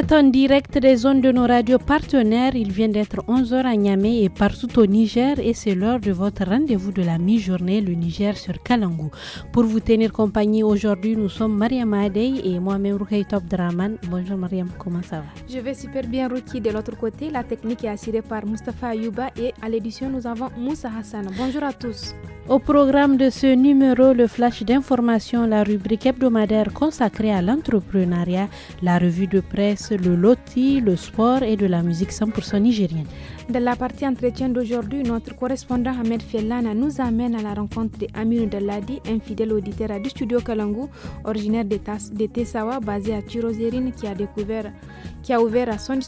êtes en direct des zones de nos radios partenaires. Il vient d'être 11h à Niamey et partout au Niger et c'est l'heure de votre rendez-vous de la mi-journée, le Niger sur Kalangou. Pour vous tenir compagnie aujourd'hui, nous sommes Mariam Adey et moi-même Top Draman. Bonjour Mariam, comment ça va Je vais super bien Ruki. De l'autre côté, la technique est assurée par Mustafa Ayouba et à l'édition, nous avons Moussa Hassan. Bonjour à tous. Au programme de ce numéro, le flash d'information, la rubrique hebdomadaire consacrée à l'entrepreneuriat, la revue de presse, le loti, le sport et de la musique 100% nigérienne. Dans la partie entretien d'aujourd'hui, notre correspondant Ahmed Fellana nous amène à la rencontre d'Amin Daladi, un fidèle auditeur du studio Kalangu, originaire de, de Tessawa, basé à Tirozerine, qui a découvert, qui a ouvert son,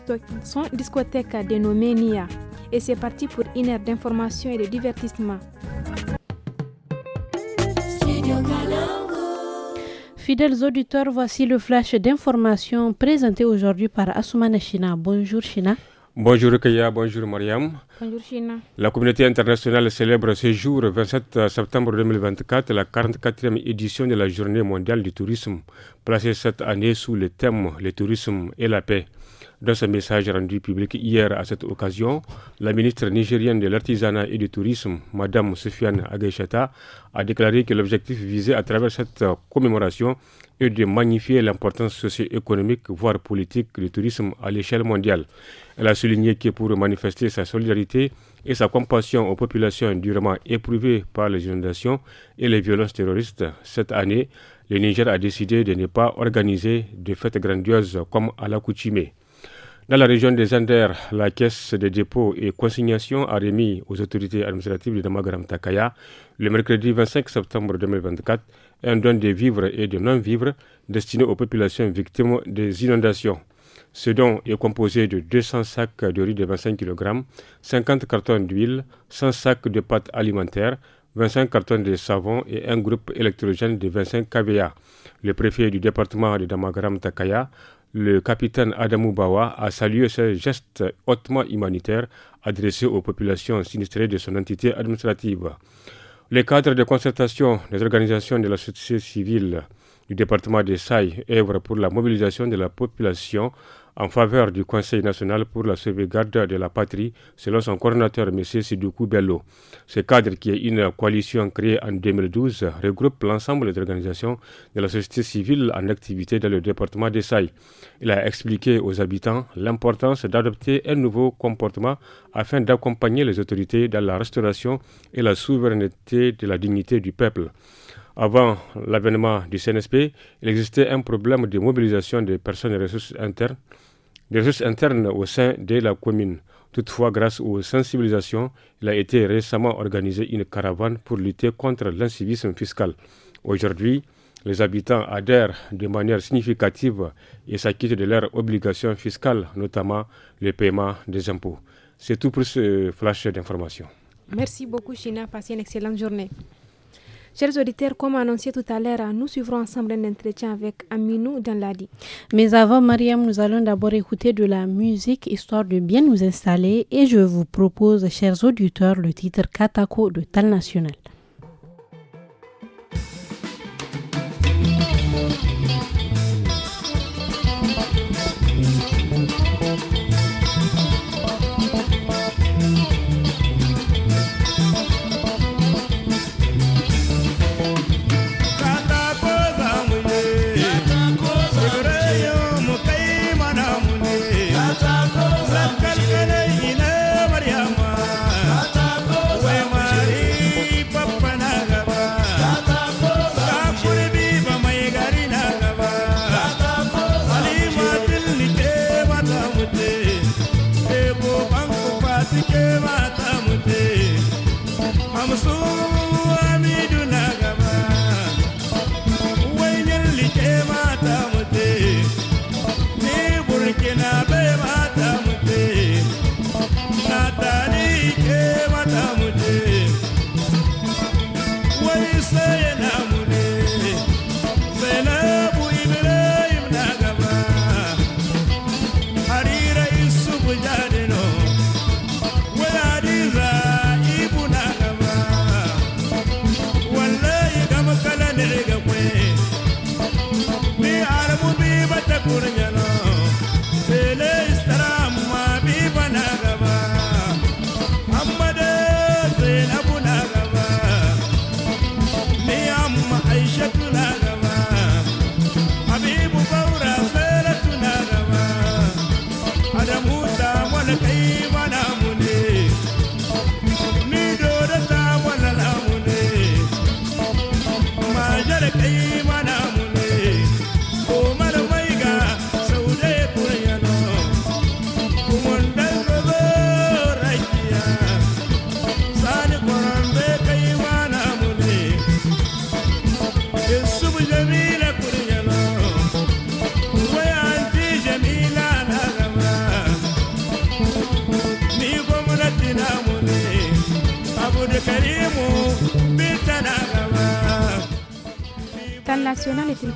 son discothèque dénommée NIA. Et c'est parti pour une heure d'information et de divertissement. Fidèles auditeurs, voici le flash d'information présenté aujourd'hui par Assoumane China. Bonjour China. Bonjour Kaya, bonjour Mariam. Bonjour China. La communauté internationale célèbre ce jour, 27 septembre 2024, la 44e édition de la Journée mondiale du tourisme, placée cette année sous le thème Le tourisme et la paix. Dans un message rendu public hier à cette occasion, la ministre nigérienne de l'Artisanat et du Tourisme, Madame Sofiane Aguichata, a déclaré que l'objectif visé à travers cette commémoration est de magnifier l'importance socio-économique, voire politique, du tourisme à l'échelle mondiale. Elle a souligné que pour manifester sa solidarité et sa compassion aux populations durement éprouvées par les inondations et les violences terroristes, cette année, le Niger a décidé de ne pas organiser de fêtes grandioses comme à l'accoutumée. Dans la région des Anders, la caisse des dépôts et consignations a remis aux autorités administratives de Damagram Takaya le mercredi 25 septembre 2024 un don de vivres et de non-vivres destiné aux populations victimes des inondations. Ce don est composé de 200 sacs de riz de 25 kg, 50 cartons d'huile, 100 sacs de pâtes alimentaires, 25 cartons de savon et un groupe électrogène de 25 kVA. Le préfet du département de Damagaram Takaya le capitaine Adamou Bawa a salué ce geste hautement humanitaire adressé aux populations sinistrées de son entité administrative. Les cadres de concertation des organisations de la société civile du département des Saï œuvrent pour la mobilisation de la population en faveur du Conseil national pour la sauvegarde de la patrie, selon son coordinateur M. Sidoukou Bello. Ce cadre, qui est une coalition créée en 2012, regroupe l'ensemble des organisations de la société civile en activité dans le département Saï. Il a expliqué aux habitants l'importance d'adopter un nouveau comportement afin d'accompagner les autorités dans la restauration et la souveraineté de la dignité du peuple. Avant l'avènement du CNSP, il existait un problème de mobilisation des personnes et ressources internes des ressources internes au sein de la commune. Toutefois, grâce aux sensibilisations, il a été récemment organisé une caravane pour lutter contre l'incivisme fiscal. Aujourd'hui, les habitants adhèrent de manière significative et s'acquittent de leurs obligations fiscales, notamment le paiement des impôts. C'est tout pour ce flash d'informations. Merci beaucoup, China. Passez une excellente journée. Chers auditeurs, comme annoncé tout à l'heure, nous suivrons ensemble un entretien avec Aminou Danladi. Mais avant, Mariam, nous allons d'abord écouter de la musique histoire de bien nous installer et je vous propose, chers auditeurs, le titre Katako de Tal National.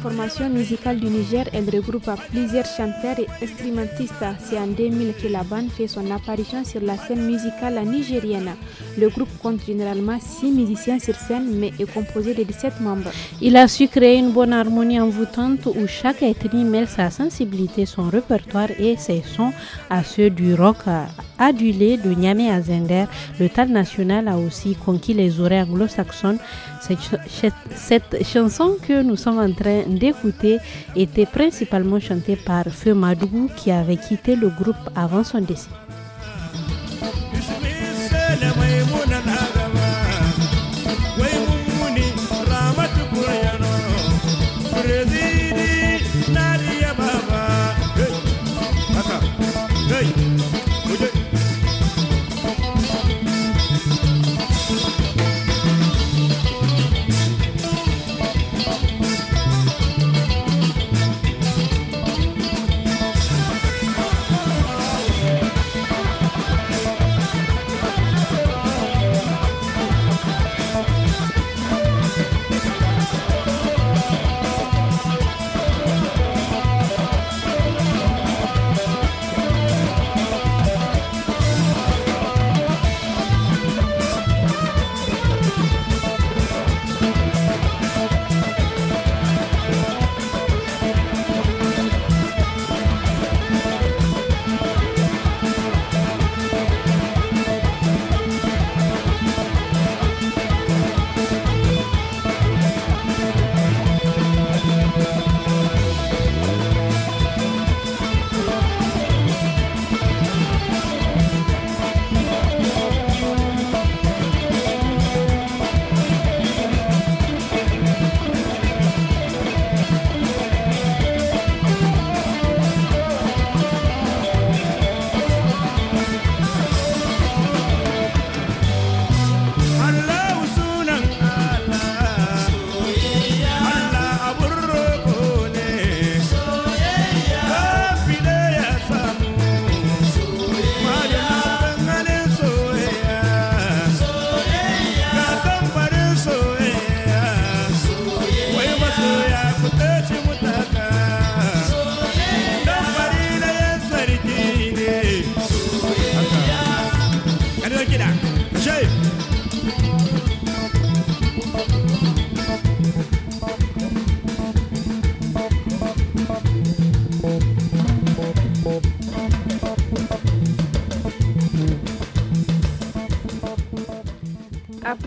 formation musicale du Niger, elle regroupe plusieurs chanteurs et instrumentistes. C'est en 2000 que la bande fait son apparition sur la scène musicale nigérienne. Le groupe compte généralement 6 musiciens sur scène, mais est composé de 17 membres. Il a su créer une bonne harmonie envoûtante où chaque ethnie mêle sa sensibilité, son répertoire et ses sons à ceux du rock adulé de Niamey Azender, le tal national a aussi conquis les oreilles anglo-saxonnes. Cette, cette, chanson que nous sommes en train d'écouter était principalement chantée par Feu Madougou qui avait quitté le groupe avant son décès.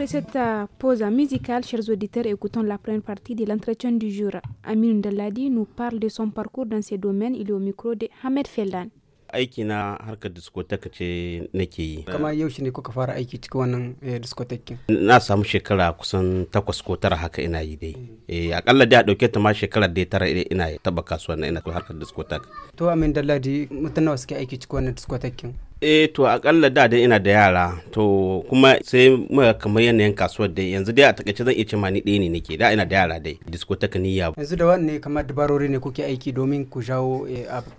cette euh, pause musicale, chers auditeurs, écoutons la première partie de l'entretien du jour. Amin Daladi nous parle de son parcours dans ces domaines. Il est au micro de Hamed Feldan. aikina na harkar diskoteka ce nake yi. Kama yaushe ne kuka fara aiki cikin wannan eh, diskotekin? Na samu shekara kusan takwas ko tara haka ina yi dai. Eh akalla da dauke ta ma shekara da tara ina taba kasuwa ina harkar diskotek. To amin dalladi mutum nawa suke aiki cikin wannan diskotekin? e to akalla da dai ina da yara to kuma sai mu kamar yanayin kasuwar dai yanzu dai a takaice zan iya cewa ma ni ɗaya ne nake da ina da yara dai discotheque ni ya yanzu da wanne kamar dabarori ne kuke aiki domin ku jawo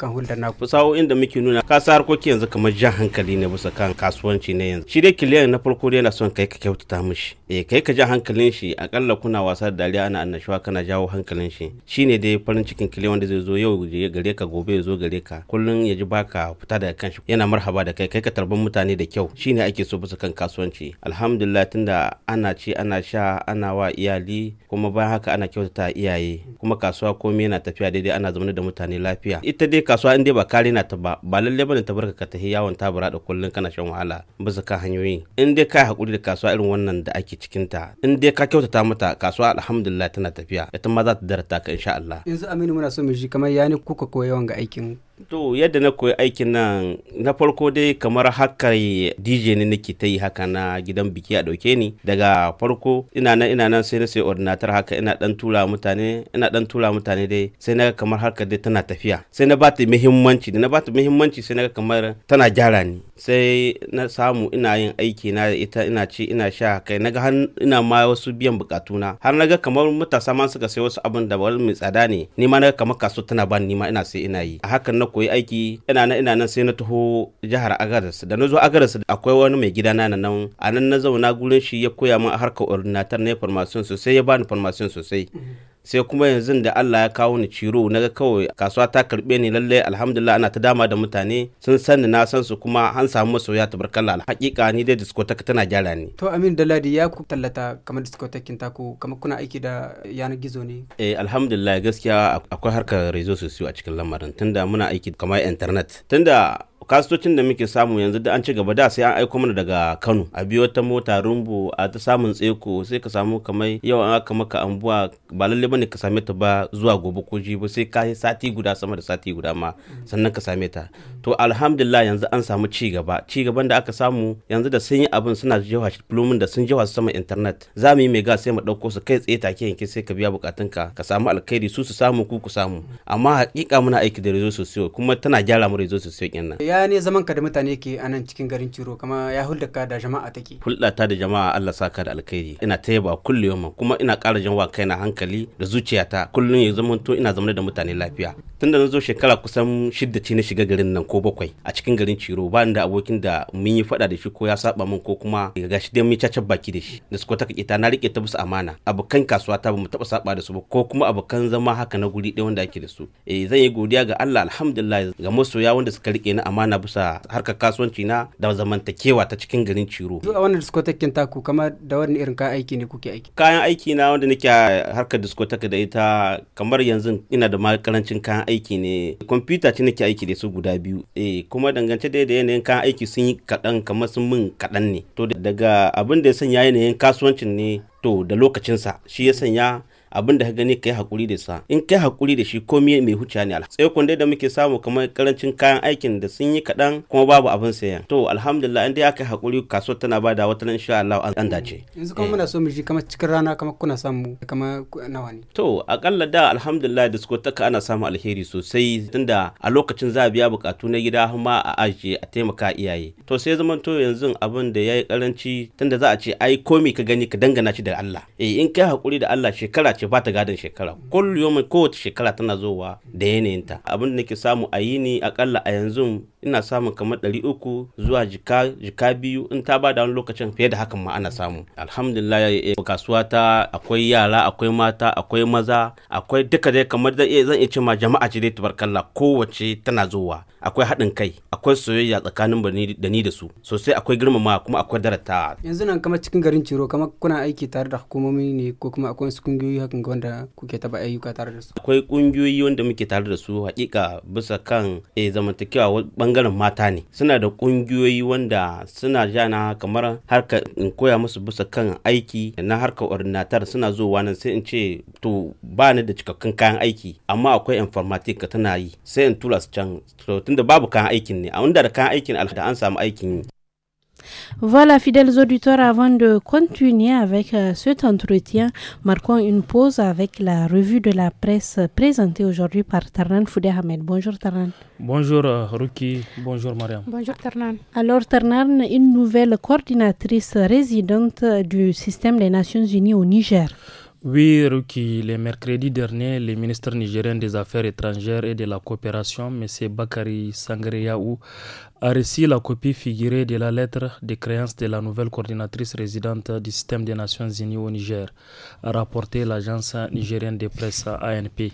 kan eh, hulɗar na ku sawo inda muke nuna ka sa harkoki yanzu kamar jan hankali ne bisa kan kasuwanci ne yanzu shi dai kiliyan na farko dai yana son kai ka kyautata mishi eh kai ka ja hankalin shi akalla kuna wasa da dariya ana annashuwa kana jawo hankalin shi shine dai farin cikin kiliyan wanda zai zo yau gare ka gobe ya zo gare ka kullun ya ji baka fita daga shi yana marhaba da kai kai ka tarban mutane da kyau shine ake so bisa kan kasuwanci alhamdulillah tunda ana ci ana sha ana wa iyali kuma bayan haka ana kyautata iyaye kuma kasuwa komai yana tafiya daidai ana zaune da mutane lafiya ita dai kasuwa in dai ba kare na ta ba ba lalle bane ta barka ka tafi yawon tabura da kullun kana shan wahala bisa kan hanyoyi in dai ka hakuri da kasuwa irin wannan da ake cikin ta in dai ka kyautata mata kasuwa alhamdulillah tana tafiya ita ma za ta darata ka insha Allah yanzu Aminu muna so mu ji kamar yani kuka koyawan ga aikin To yadda na koyi aikin nan na farko dai kamar haka DJ ne nake ta yi haka na gidan biki a ɗauke ni daga farko ina nan ina nan sai na sai ordinator haka ina dan tura mutane ina dan tura mutane dai sai na kamar haka dai tana tafiya sai na ba ta muhimmanci da na ba ta muhimmanci sai na kamar tana gyara ni sai na samu ina yin aiki na ita ina ci ina sha kai naga ga ina ma wasu biyan bukatuna har na kamar matasa ma suka sai wasu abin da wani mai tsada ne ni ma naga kamar kaso tana ban ni ma ina sai ina yi a hakan na koyi aiki ina nan ina nan sai na taho jihar Agadas da na zo Agadas akwai wani mai gida na nan a nan na zauna gurin shi ya koya min harkar ordinator na information sosai ya bani information sosai sai kuma yanzu da Allah ya kawo ni ciro naga kawai kasuwa ta karbe ni lalle alhamdulillah ana ta dama da mutane sun sani na san su kuma an samu masoya ta tabarkalla hakika ni dai discotheque tana gyara ni to amin daladi ya ku tallata kamar discotheque ta ku kamar kuna aiki da yana gizo ne eh alhamdulillah gaskiya akwai harkar resources sosai a cikin lamarin tunda muna aiki kamar internet tunda kasitocin da muke samu yanzu da an ci gaba da sai an aiko mana daga kano a biyo ta mota rumbu a ta samun tseko sai ka samu kamar yau an aka maka ambuwa ba lalle bane ka same ta ba zuwa gobe ko jibi sai ka yi sati guda sama da sati guda ma sannan ka same ta to alhamdulillah yanzu an samu ci gaba ci gaban da aka samu yanzu da sun yi abin suna jewa plumin da sun jewa su sama internet za mu yi mai gas sai mu dauko su kai tsaye take yanke sai ka biya bukatunka ka samu alkhairi su su samu ku ku samu amma hakika muna aiki da rezo sosai kuma tana gyara mu rezo sosai kenan ya ne zaman ka da mutane ke a nan cikin garin Ciro kama ya hulɗa ka da jama'a take. Hulɗa ta da jama'a Allah saka da alkhairi. Ina ta yaba kullum kuma ina ƙara janwa kaina hankali da zuciyata kullum ya zama to ina zama da mutane lafiya. tunda na zo shekara kusan shidda ce na shiga garin nan ko bakwai a cikin garin ciro ba da abokin da mun yi faɗa da shi ko ya saba min ko kuma ga gashi dai mun cacar baki da shi da suka ta ta na rike ta bisa amana abokan kasuwa ta bamu taba saba da su ba ko kuma abokan zama haka na guri ɗaya wanda ake da su eh zan yi godiya ga Allah alhamdulillah ga masoya wanda suka rike ni amana bisa harkar kasuwanci na da zamantakewa ta cikin garin ciro zuwa wannan diskotekin taku kamar da wani irin kayan aiki ne kuke aiki kayan aiki na wanda nake harkar diskoteka da ita kamar yanzu ina da makarancin kayan aiki ne kwamfuta ce nake aiki da su guda biyu eh kuma dangance da yanayin kayan aiki sun yi kaɗan kamar sun min kaɗan ne to daga abin da ya sanya yanayin kasuwancin ne to da lokacinsa shi ya sanya abin da ka gani kai hakuri da sa in kai hakuri da shi komai mai huciya ne sai kunde da muke samu kamar karancin kayan aikin da sun yi kaɗan kuma babu abin sayan to alhamdulillah in dai aka hakuri kaso tana ba da wata insha Allah an dace yanzu kuma eh. muna so mu ji kamar cikin rana kamar kuna samu kamar nawa ne to akalla da alhamdulillah da suka ana samu alheri sosai tunda a lokacin za a biya bukatu na gida kuma a ajiye a taimaka iyaye to sai zaman to yanzu abin da yayi karanci tunda za a ce ai komai ka gani ka dangana shi da Allah eh in kai hakuri da Allah shekara ce ba ta gadon shekara kullum kowace shekara tana zowa da yanayin ta abin da nake samu a yi ni akalla a yanzu ina samun kamar ɗari uku zuwa jika jika biyu in ta bada wani lokacin fiye da hakan ma ana samu alhamdulillah kasuwa ta akwai yara akwai mata akwai maza akwai duka dai kamar zan iya ce ma jama'a ce dai tabarkalla kowace tana zowa akwai haɗin kai akwai soyayya tsakanin da ni da su sosai akwai girmama kuma akwai darata yanzu nan kamar cikin garin ciro kamar kuna aiki tare da hukumomi ne ko kuma akwai wasu kungiyoyi hakan wanda kuke taba ayyuka tare da su akwai kungiyoyi wanda muke tare da su hakika bisa kan e, zamantakewa bangaren mata ne suna da kungiyoyi wanda suna jana kamar harka in koya musu bisa kan aiki na harka ordinatar suna zuwa nan sai in ce to ba ni da cikakkun kayan aiki amma akwai informatika tana yi sai in tura su can tunda babu kayan aikin ne a wanda da kayan aikin da an samu aikin Voilà, fidèles auditeurs, avant de continuer avec euh, cet entretien, marquons une pause avec la revue de la presse présentée aujourd'hui par Tarnan Foudé Bonjour Tarnan. Bonjour euh, Ruki, bonjour Mariam. Bonjour Tarnan. Alors Tarnan, une nouvelle coordinatrice résidente du système des Nations Unies au Niger. Oui, Ruki, le mercredi dernier, le ministre nigérien des Affaires étrangères et de la coopération, M. Bakari Sangreyaou, a reçu la copie figurée de la lettre de créance de la nouvelle coordinatrice résidente du système des Nations Unies au Niger, a rapporté l'agence nigérienne de presse ANP.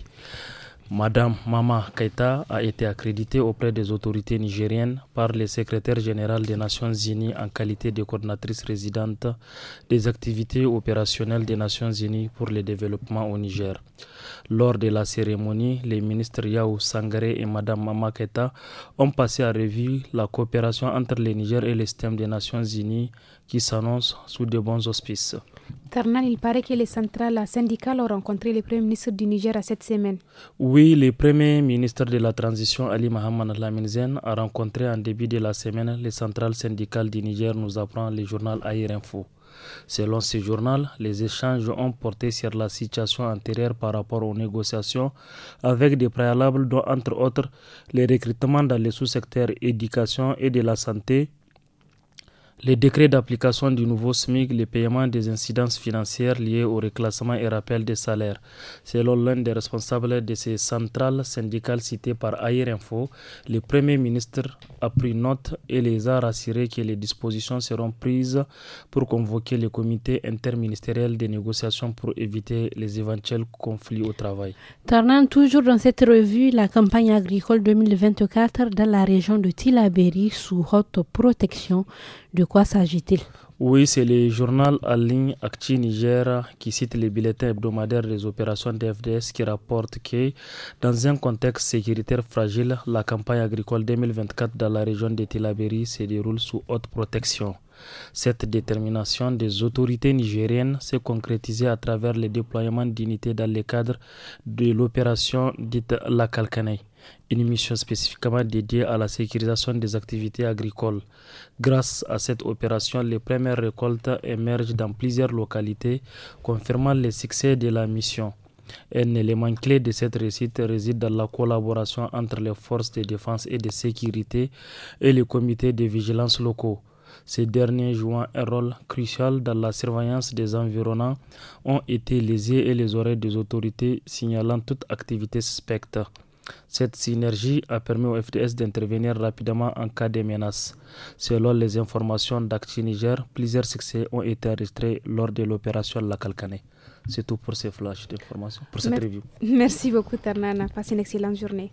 Madame Mama Keta a été accréditée auprès des autorités nigériennes par le secrétaire général des Nations Unies en qualité de coordinatrice résidente des activités opérationnelles des Nations Unies pour le développement au Niger. Lors de la cérémonie, les ministres Yao Sangare et Madame Mama Keta ont passé à revue la coopération entre le Niger et le système des Nations Unies qui s'annonce sous de bons auspices. Tarnan, il paraît que les centrales syndicales ont rencontré le Premier ministre du Niger cette semaine. Oui, le Premier ministre de la Transition, Ali Mohamed Laminzen, a rencontré en début de la semaine les centrales syndicales du Niger, nous apprend le journal Air Info. Selon ce journal, les échanges ont porté sur la situation antérieure par rapport aux négociations avec des préalables dont, entre autres, les recrutements dans les sous-secteurs éducation et de la santé, les décrets d'application du nouveau SMIC, les paiements des incidences financières liées au reclassement et rappel des salaires. Selon l'un des responsables de ces centrales syndicales citées par Air Info, le Premier ministre a pris note et les a rassurés que les dispositions seront prises pour convoquer le comité interministériel des négociations pour éviter les éventuels conflits au travail. Tornant toujours dans cette revue la campagne agricole 2024 dans la région de Tilaberi sous haute protection. De quoi s'agit-il oui, c'est le journal en ligne Acti Niger qui cite les bulletins hebdomadaires des opérations d'FDS qui rapporte que, dans un contexte sécuritaire fragile, la campagne agricole 2024 dans la région de Tilaberi se déroule sous haute protection. Cette détermination des autorités nigériennes s'est concrétisée à travers le déploiement d'unités dans le cadre de l'opération dite La Kalkanei une mission spécifiquement dédiée à la sécurisation des activités agricoles. Grâce à cette opération, les premières récoltes émergent dans plusieurs localités, confirmant le succès de la mission. Un élément clé de cette réussite réside dans la collaboration entre les forces de défense et de sécurité et les comités de vigilance locaux. Ces derniers jouant un rôle crucial dans la surveillance des environnants ont été les yeux et les oreilles des autorités signalant toute activité suspecte. Cette synergie a permis au FDS d'intervenir rapidement en cas de menace. Selon les informations d'Acti Niger, plusieurs succès ont été enregistrés lors de l'opération La Calcanée. C'est tout pour ces flashs d'informations, pour cette interview. Merci beaucoup, Ternana. Passez une excellente journée.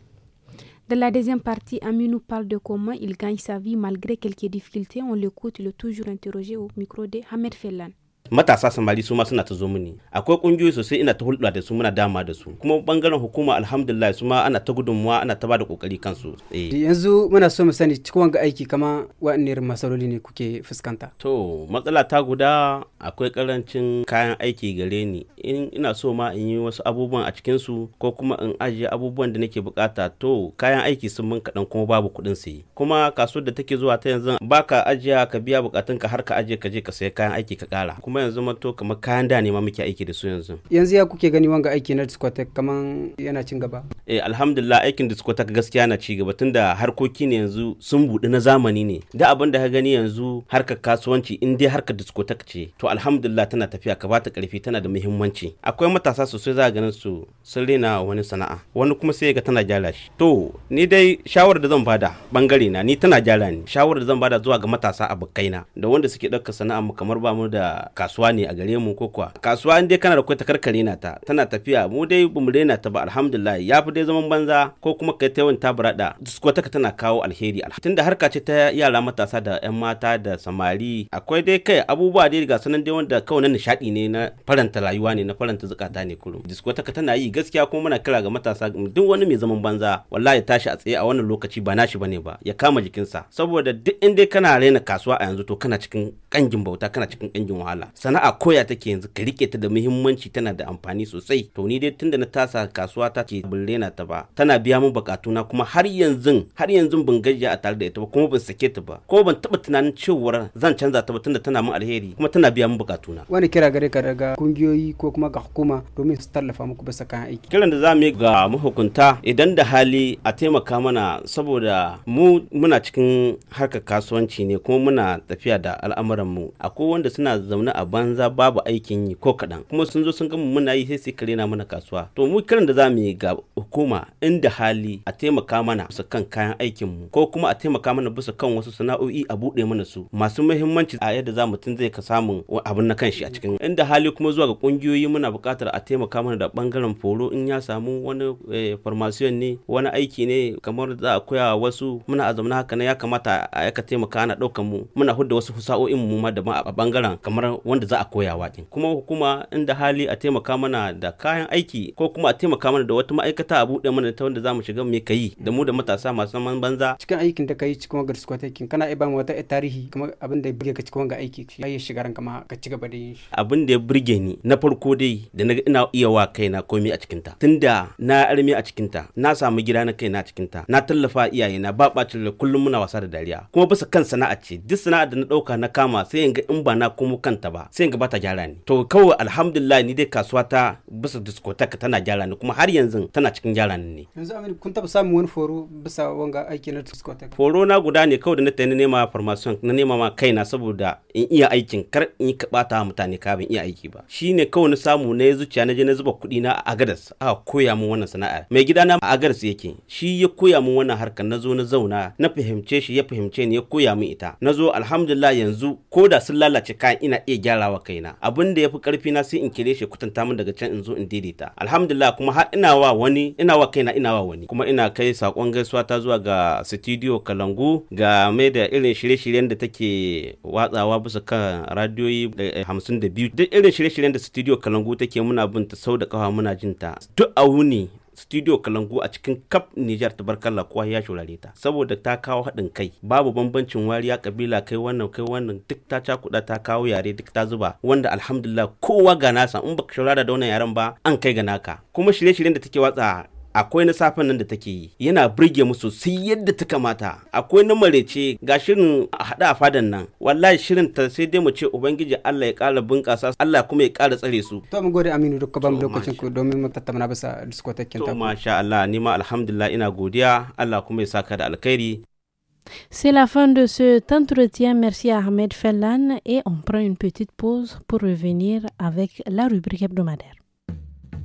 Dans la deuxième partie, Ami nous parle de comment il gagne sa vie malgré quelques difficultés. On l'écoute, le toujours interrogé au micro de Hamed Fellan. matasa samari su ma suna ta zo mini akwai kungiyoyi sosai ina ta hulɗa da su muna dama da su kuma bangaren hukuma alhamdulillah su ma ana ta gudunmuwa ana ta bada kokari kansu eh. yanzu muna so mu sani cikin wanga aiki kama wani irin masaloli ne kuke fuskanta to matsala ta guda akwai karancin kayan aiki gare ni in ina so ma in yi wasu abubuwan a cikin su ko kuma in ajiye abubuwan da nake bukata to kayan aiki sun mun kaɗan kuma babu kuɗin sayi kuma kasuwar da take zuwa ta yanzu baka ajiya ka biya bukatunka har ka ajiye ka je ka sayi kayan aiki ka kara kuma yanzu mato kamar kayan da ne ma muke aiki da su yanzu yanzu ya kuke gani wanga aiki na discotheque kaman yana cin gaba eh alhamdulillah aikin discotheque gaskiya na ci gaba tunda harkoki ne yanzu sun buɗe na zamani ne da abin da ka gani yanzu harkar kasuwanci in dai harkar discotheque ce to alhamdulillah tana tafiya ka bata karfi tana da muhimmanci akwai matasa sosai za ganin su sun rena wani sana'a wani kuma sai ga tana jala shi to ni dai shawarar da zan bada bangare na ni tana jala ni shawarar da zan bada zuwa ga matasa a abokaina da wanda suke ɗauka sana'a mu kamar ba mu da kasuwa ne a gare mu ko kuwa kasuwa in dai kana da kwai karkare na ta tana tafiya mu dai bamu rena ta ba alhamdulillah ya fi dai zaman banza ko kuma kai ta yawan tabarada ta tana kawo alheri tunda harka ce ta yara matasa da yan mata da samari akwai dai kai abubuwa dai ga sanan dai wanda kawai na nishadi ne na faranta rayuwa ne na faranta zukata ne kullum ta tana yi gaskiya kuma muna kira ga matasa duk wani mai zaman banza wallahi tashi a tsaye a wannan lokaci ba nashi bane ba ya kama jikinsa saboda duk in dai kana rena kasuwa a yanzu to kana cikin kangin bauta kana cikin kangin wahala sana'a koya take yanzu ka rike ta da muhimmanci tana da amfani sosai to ni dai tunda na tasa kasuwa ta ce bullena ta ba tana biya min bukatuna kuma har yanzu har yanzu ban gajiya a tare da ita ba kuma ban sake ta ba ko ban taba tunanin cewa zan canza ta ba tunda tana min alheri kuma tana biya min bukatuna wani kira gare ka daga kungiyoyi ko kuma ga hukuma domin su tallafa muku bisa kan aiki kiran da za mu yi ga mahukunta idan da hali a taimaka mana saboda mu muna cikin harkar kasuwanci ne kuma muna tafiya da al'amuran bangaren mu akwai wanda suna zaune a banza babu aikin yi ko kaɗan kuma sun zo sun gama muna yi sai su kare na mana kasuwa to mu kiran da za mu yi ga hukuma inda hali a taimaka mana bisa kan kayan aikin mu ko kuma a taimaka mana bisa kan wasu sana'o'i a buɗe mana su masu muhimmanci a yadda za mu tun zai ka samun abin na kanshi a cikin inda hali kuma zuwa ga ƙungiyoyi muna buƙatar a taimaka mana da ɓangaren foro in ya samu wani eh, farmasiyon ne wani aiki ne kamar za a koya wasu muna a zaune haka ne ya kamata a yaka taimaka ana ɗaukan mu muna hudda wasu husa'o'in mu mu ma da ma a bangaren kamar wanda za a koya waƙin kuma hukuma inda hali a taimaka mana da kayan aiki ko kuma a taimaka mana da wata ma'aikata a buɗe mana ta wanda za mu shiga mu kayi da mu da matasa masu man banza cikin aikin da kai cikin wagar squat aikin kana iya ba mu wata tarihi kuma abin da ya burge ka cikin wanga aiki ya yi shigaran kama ka ci gaba da yin shi abin da ya burge ni na farko dai da na ina iya wa kaina komai a cikin ta tunda na arme a cikin ta na samu gida na kaina a cikin ta na tallafa iyayena ba bacin kullum muna wasa da dariya kuma bisa kan sana'a ce duk sana'a da na dauka na kama sai in ga in ba na komo kanta ba sai in ga bata gyara ni to kawai alhamdulillah ni dai kasuwa ta bisa discotheque tana gyara ni kuma har yanzu tana cikin gyara ni ne yanzu amir kun taba samun wani foro bisa wanga aiki na discotheque foro na guda ne kawai da na tayi na nema formation na nema ma kaina saboda in iya aikin kar in ka bata mutane ka ban iya aiki ba shine kawai na samu na zuciya na je na zuba kuɗi na a gadas aka koya min wannan sana'a mai gida na a gadas yake shi ya koya min wannan harkar na zo na zauna na fahimce shi ya fahimce ni ya koya min ita na zo alhamdulillah yanzu ko da sun lalace kayan ina iya gyarawa kaina abin da yafi karfi na sai in kire shi kutanta min daga can in zo in daidaita alhamdulillah kuma har ina wa wani ina wa kaina ina wa wani kuma ina kai sakon gaisuwa ta zuwa ga studio kalangu ga mai da irin shirye-shiryen da take watsawa bisa kan radiyoyi eh, eh, hamsin da biyu duk irin shirye-shiryen da studio kalangu take muna bin ta sau da kafa muna jin ta duk a wuni studio kalangu a cikin kaf nijar tabarkalla kowa ya shurare ta saboda ta kawo haɗin kai babu bambancin wariya kabila kai wannan kai wannan duk ta cakuɗa ta kawo yare duk ta zuba wanda alhamdulillah kowa ga nasa in baka shurara da wannan yaren ba an kai ga naka kuma shirye-shiryen da take watsa akwai na safen nan da take yi yana burge mu sosai yadda ta kamata akwai na marece ga shirin haɗa a fadan nan wallahi shirin ta sai dai mu ce ubangiji Allah ya ƙara bunƙasa Allah kuma ya ƙara tsare su to mu gode aminu dukkan ban lokacin ku domin mu tattauna bisa diskotekin ta to masha Allah ni ma alhamdulillah ina godiya Allah kuma ya saka da alkhairi C'est la fin de cet entretien. Merci à Ahmed Fellan et on prend une petite pause pour revenir avec la rubrique hebdomadaire.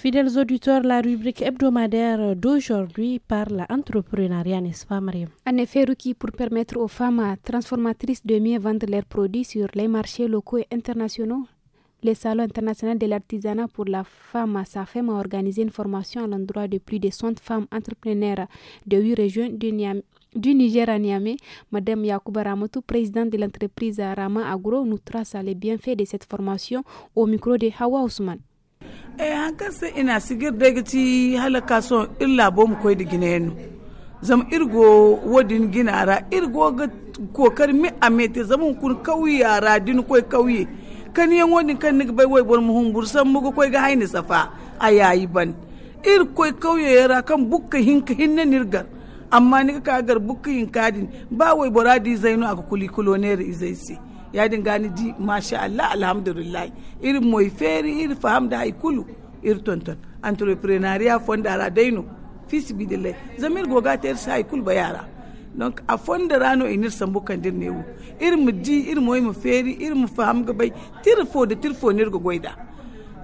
Fidèles auditeurs, la rubrique hebdomadaire d'aujourd'hui parle entrepreneuriat, n'est-ce En effet, pour permettre aux femmes transformatrices de mieux vendre leurs produits sur les marchés locaux et internationaux, le Salon international de l'artisanat pour la femme à sa femme a organisé une formation à l'endroit de plus de 100 femmes entrepreneurs de huit régions du, Niger à Niamey. Madame Yacouba présidente de l'entreprise Rama Agro, nous trace les bienfaits de cette formation au micro de Hawa Ousmane. eh hankan sai ina sigir da ci halaka so illa bo mu da gina yanu zama irgo wadin ginara irgo ga kokar mi mete zama kun kauye yara din koy kauye kan yan wadin kan ni bai wai bor mu humbur san mu ga koy ga haini safa yayi ban ir koy kauye yara kan bukka hinka hinna nirgar amma ni ka gar bukka din ba wai boradi zainu aka kuli izai izaisi ya gani di masha Allah alhamdulillah iri moy feri ir faham da ay kulu ir tonton entrepreneuria fondara daino fils bidille zamir goga ter sai kul bayara donc a fondara no inir sambu kandir newu ir mu di ir moy mu feri ir mu faham ga fo de tir fo nir go goida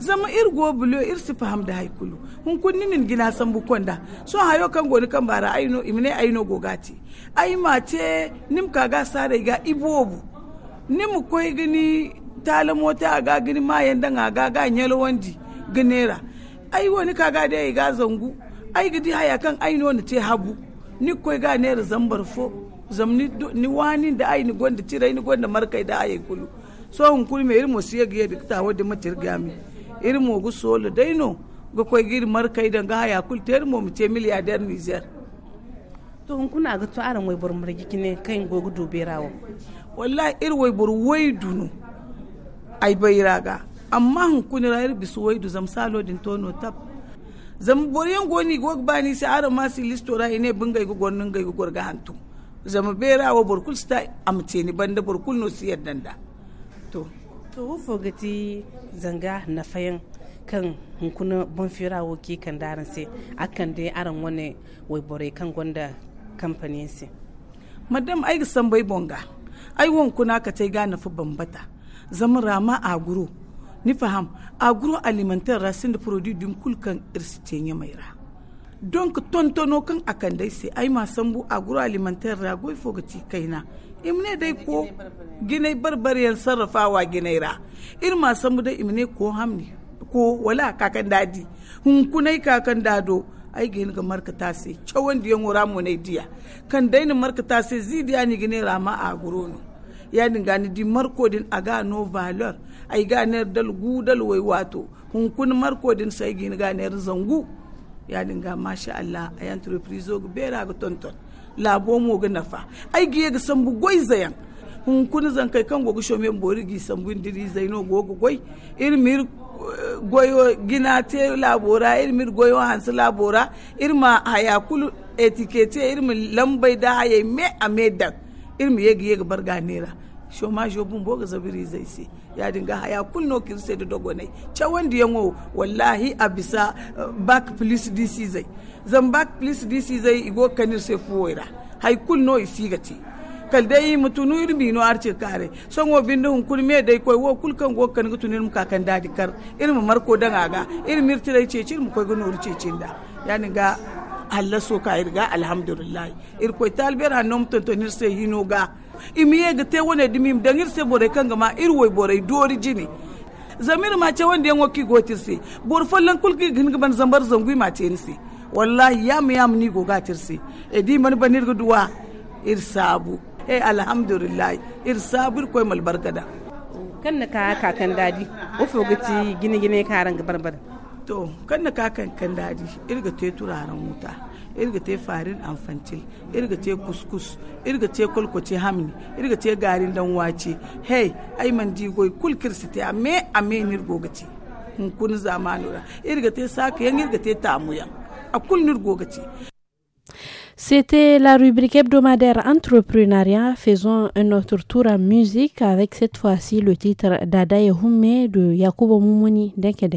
zama ir go bulo ir si faham da ay kulu hun nin gina sambu konda so hayo kan goni kan bara aino imne ayno gogati ay mate nim kaga sare ga ibobu ni mu koi gini tala mota a ga gini ma yanda a ga ga nyalo wandi ginera ai wani ka da ya ga zangu ai gidi haya kan ai no te habu ni koi ga nera zambar fo zamni ni wani da ai ni gonda tira ni gonda markai da ai kulu so hun kulu me irmo siya ga da ta wadda matir gami irmo gu solo no ga koi giri markai da ga haya kul ter mo mu te miliyadar Niger to hun kuna ga to aran wai bar margi kine kai gogu duberawo wallahi irwai way bor waydu no bai raga amma hun kunira ir bisu waydu zam salo din tono tap zam bor yan goni gog bani si ara ma si listora ine gai go gonnin gai go ga hantu zama bera wa bor kul sta ni banda bor kul no si danda. to to hufo gati zanga na fayan kan hunkuna ban fira woki kan darin sai akan dai aran wani waibore kan gwanda kamfanin sai madam aiki san bai bonga ai wanku na ka tai gane fi bambata zama rama agro ni faham agro alimentar rasin da produit dun kulkan irsitin mai ra donc tontono kan kan dai sai ai ma sambu agro alimentaire ra goi fo ci kaina imne dai ko gine sarrafa sarrafawa gine ra ir ma sambu dai imne ko hamni ko wala kakan dadi hunkunai kakan dado ai gini ga marka tase cewan diyan wura mo ne diya kan dainin marka se zidiya ni gine rama a gurono ya dingani di marko din ga no valor ai ganer dal gudal wai wato hunkun marko din sai gini ganer zangu ya dinga masha Allah ay entreprise go bera go tonton labo mo ga nafa ai giye ga sambu zayan. hun kun zan kai kan gogo shome bori gi sambun diri zaino gogo goi ir mir eh, goyo gina te labora ir mir goyo hansu labora irma hayakulu etikete mi lambai da haye me a medan mi yegi yegi barga nera shoma jobun boga zabiri zai se ya dinga haya kulno kirse da dogonai ce wanda yango wallahi a bisa eh, back police dc zai zan back police dc zai igo kanir sai fuwaira hay kulno isigati kal dai mutunu irbi no arce kare wo bindu hun kulme me dai koy wo kulkan go kan gutunir mu kakan dadi kar irin marko dan aga irin mirtirai cecin mu koy gunu cecin da yani ga Allah so ka irga alhamdulillah ir koy talber hanom tonir se hino ga imiye ga te wona dimim dangir se bore kan ga ma ir woy bore dori jini zamir ma ce wanda yan waki gotir se bor fallan kulki gingiban zambar zangui ma ce nse wallahi yam yam ni go gatir se edi man banir duwa ir sabu eh alhamdulillah ir sabir koy mal barkada kan na ka kakan dadi o fogati gine gine karan gabar barbar to kan na kakan kan dadi irga te turaren wuta irga te farin amfantil irga te kuskus irga te kulkuce hamni irga te garin dan wace hey ai man digoi kulkirsi te ame ame nir gogati kun zamanura irga te saka yan irga te tamuyan a kul nirgo C'était la rubrique hebdomadaire entrepreneuriat. Faisons un autre tour en musique avec cette fois-ci le titre Dada et de Yakubo Mumuni. Denke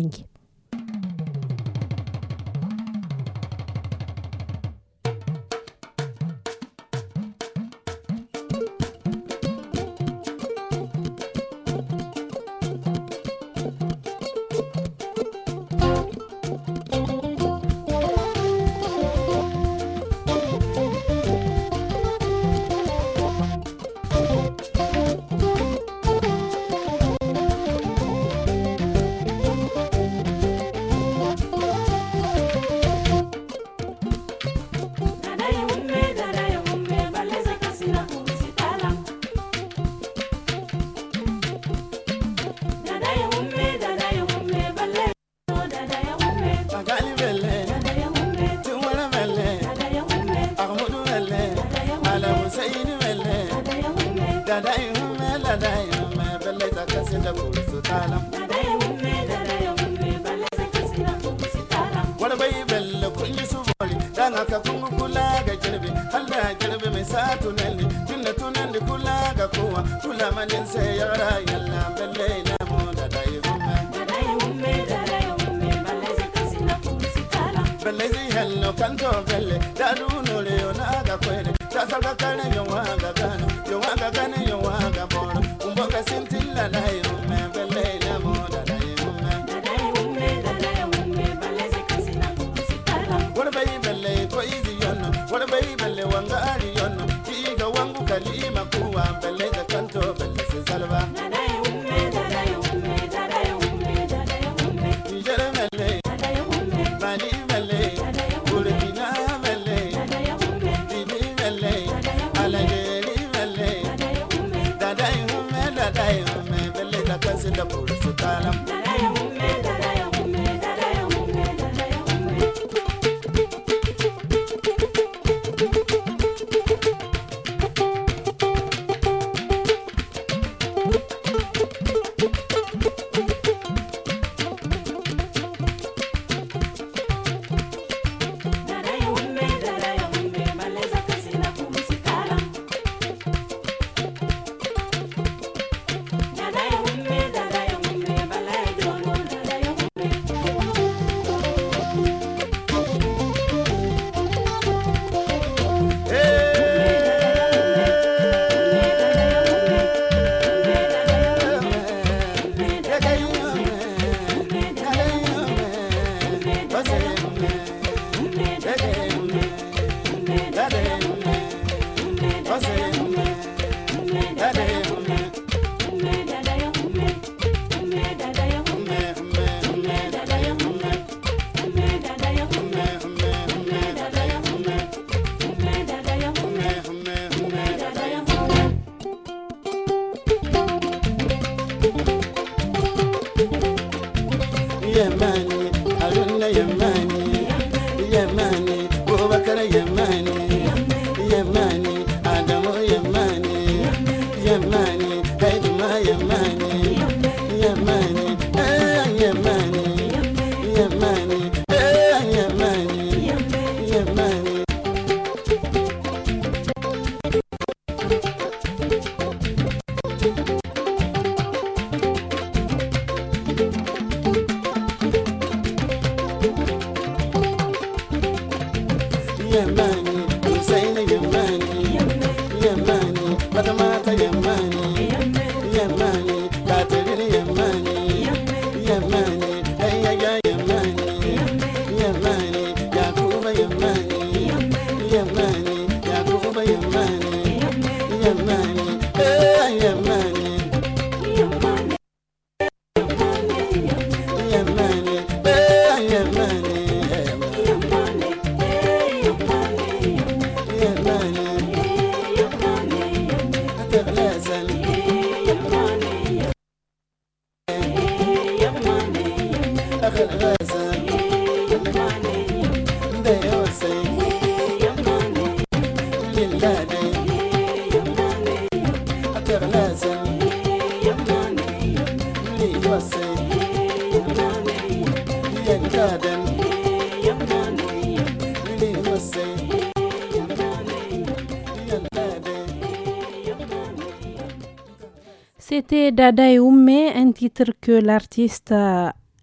Rada et un titre que l'artiste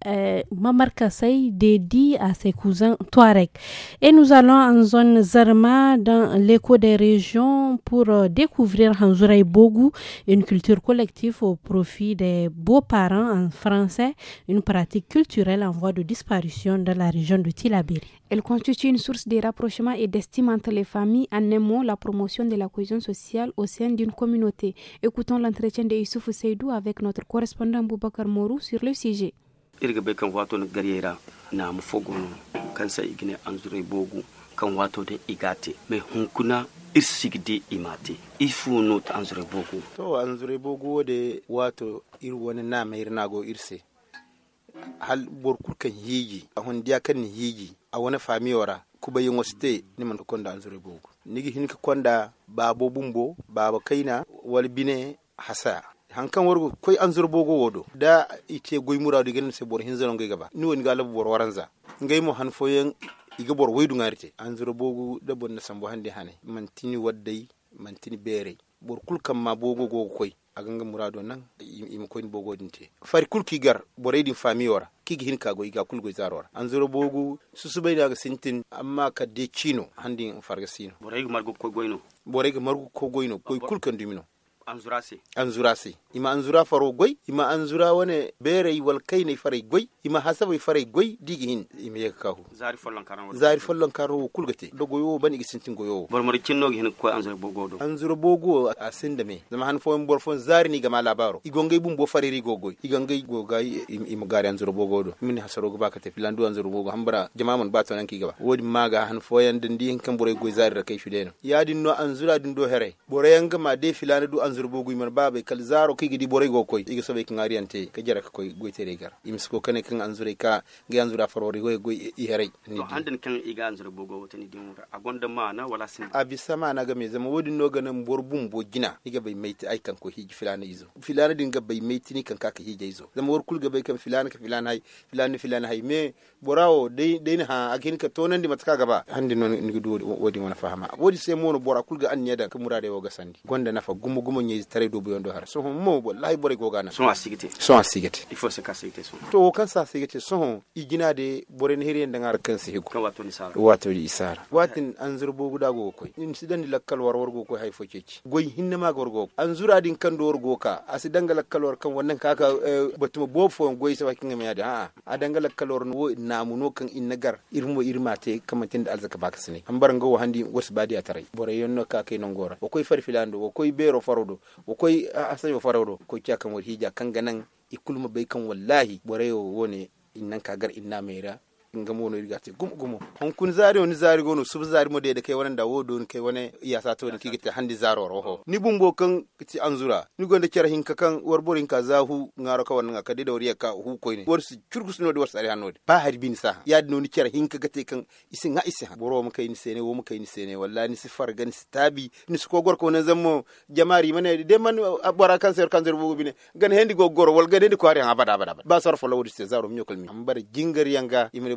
euh, Mamar à ses cousins Touareg. Et nous allons en zone Zarma, dans l'écho des régions, pour euh, découvrir Hanzuraï Bogu, une culture collective au profit des beaux-parents en français, une pratique culturelle en voie de disparition dans la région de Tilabiri. Elle constitue une source de rapprochement et d'estime entre les familles, en aimant la promotion de la cohésion sociale au sein d'une communauté. Écoutons l'entretien de Youssouf Seydou avec notre correspondant Boubacar Morou sur le sujet. irga bai kan wato na gariyera na mu kan sa igine an zure bogu kan wato da igate mai hunkuna irsigde imate ifu not an zure bogu to an zure bogu da wato iri wani na mai irnago irse hal borkur kan yigi a hundiya kan ni yigi a wani famiyora kuma yin wasu te ni man konda an zure bogu nigi hin ka konda babo bumbo baba kaina wal bine hasa hankan wargo koy an zurbo go wodo da ite goy muradu gelen se bor hin zanon gaba ni woni galab bor waranza ngay mo han foyen iga bor waydu ngarte an zurbo go da bonna sambo hande hane mantini waddai mantini bere bor kul kam ma bogo go koy aganga murado nan im koyn bogo dinte fari kul gar bor edi fami wara kigi hin kago iga kul go zarora an su bogo susubay daga sintin amma ka de chino handi farga sino bor ego margo ko goyno bor ego margo ko goyno koy kul kan dumino se zura se. ima anzura faro goy ima anzura wone bere wal kayne faray goy ima hasabay faray goy digi hin ima ya kahu zari follon karan zari follon karan wo kulgate dogo yo bani gi sintin goyo bor mar cinno gi hin ko anzura bogo do anzura bogo a sinda me zama han fon bor fon zari ni gama labaro igongay bum bo fariri gogoy igongay gogay ima gari anzura bogo do min hasaro go bakate filandu anzura bogo hambara jama'an bato nan ki gaba wodi maga han foyan dindi hin kan bore goy zari ra kai shudeno yadin no zura din do here bore yanga ma de filana du zurbo guimar babe kal zaro ki di borego koy igi sobe ki ngariante ka jara ka koy goitere gar imsko kene kane kan anzure ka ge anzura farori go go i herai to handen kan iga anzure bogo wotani din a gonda mana wala sin a bi mana ga me zama wodi no mbor borbun bo gina iga bay meti ay kan ko hiji filana izo filana din ga bay maiti ni kan ka ka hiji izo zama wor kul ga bai kan filana ka filana hay filana filana hay me borawo de ni ha akin ka tonan di mataka gaba handin no ni gudu wodi wana fahama wodi se mono bora kul ga an yadan ka murade wo ga sandi gonda nafa gumu gumu bonye tare do buyondo har so mo wallahi bore ko gana so asigete so asigete il faut se ka sigete so to kan sa sigete so igina de bore ne hiriyen dangar kan se ko wato ni sara wato ni sara watin an zurbo guda go ko in sidan ni lakkal war go ko hay fo ceci goy hinna ma gorgo an zura din kan do go ka asi dangala war kan wannan kaka eh, batuma bo fo goy sa wakin me da ha a dangala war no no kan in nagar irmo irma te kamatin da alzaka baka sine an bar ngo handi wasu badi a tarai bore yonno ka kai non gora ko koy farfilando ko koy bero farodo wa koi koy asayo faraudo ko kya kan wani hija kan ganan ikulma bay kan wallahi boreyo wone innan kagar inna mera ngamo no irgati gum gumo on kun zari on zari gono sub zari mo de kai wannan da wodo kai wani iya sato ne ta handi zaro roho ni bumbo kan ti anzura ni gonda kira hin kakan warborin ka zahu ngaro ka wannan ka de dawriya ka hu koyi ne warsu curgus no de warsu ari hanode ba bin sa ya no ni kira hin kaga kan isin ha isin ha boro mu kai ni sene wo mu kai ni sene wallahi ni sifar gan stabi ni su ko gorko ne zammo jamari mane de man abora kanser kanser bugu bine gan hendi go goro wal gan hendi ko ari abada abada ba sar folo wodi se zaro mi nyokol mi bar jingar yanga imre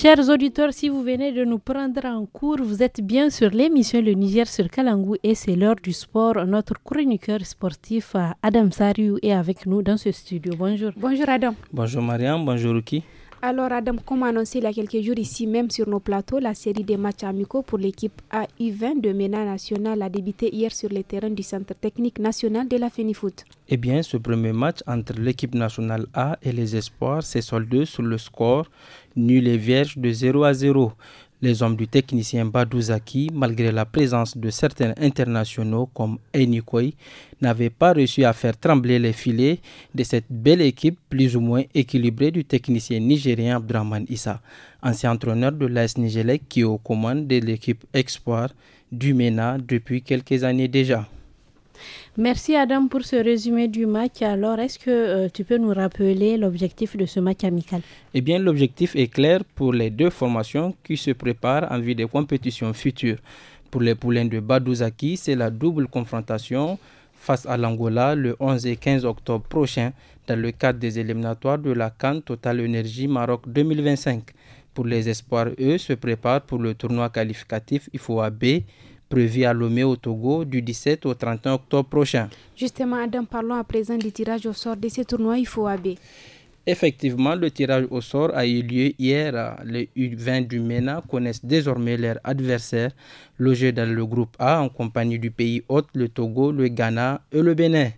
Chers auditeurs, si vous venez de nous prendre en cours, vous êtes bien sur l'émission Le Niger sur Kalangou et c'est l'heure du sport. Notre chroniqueur sportif euh, Adam Sariou est avec nous dans ce studio. Bonjour. Bonjour Adam. Bonjour Marianne, bonjour Ruki. Alors Adam, comme annoncé il y a quelques jours ici même sur nos plateaux, la série des matchs amicaux pour l'équipe AU20 de MENA National a débuté hier sur les terrains du Centre technique national de la FENIFOOT. Eh bien, ce premier match entre l'équipe nationale A et les Espoirs s'est soldé sur le score nul et vierge de 0 à 0. Les hommes du technicien Badouzaki, malgré la présence de certains internationaux comme Enikoi, n'avaient pas réussi à faire trembler les filets de cette belle équipe plus ou moins équilibrée du technicien nigérien Abdraman Issa, ancien entraîneur de l'AS Nigelec qui est au commandes de l'équipe expoir du MENA depuis quelques années déjà. Merci Adam pour ce résumé du match. Alors, est-ce que euh, tu peux nous rappeler l'objectif de ce match amical Eh bien, l'objectif est clair pour les deux formations qui se préparent en vue des compétitions futures. Pour les poulains de Badouzaki, c'est la double confrontation face à l'Angola le 11 et 15 octobre prochain dans le cadre des éliminatoires de la Cannes Total Energy Maroc 2025. Pour les espoirs, eux, se préparent pour le tournoi qualificatif IFOA B prévu à Lomé au Togo du 17 au 31 octobre prochain. Justement, Adam, parlons à présent du tirage au sort de ce tournoi IFOAB. Effectivement, le tirage au sort a eu lieu hier. Les U20 du MENA connaissent désormais leurs adversaires, logés dans le groupe A en compagnie du pays hôte, le Togo, le Ghana et le Bénin.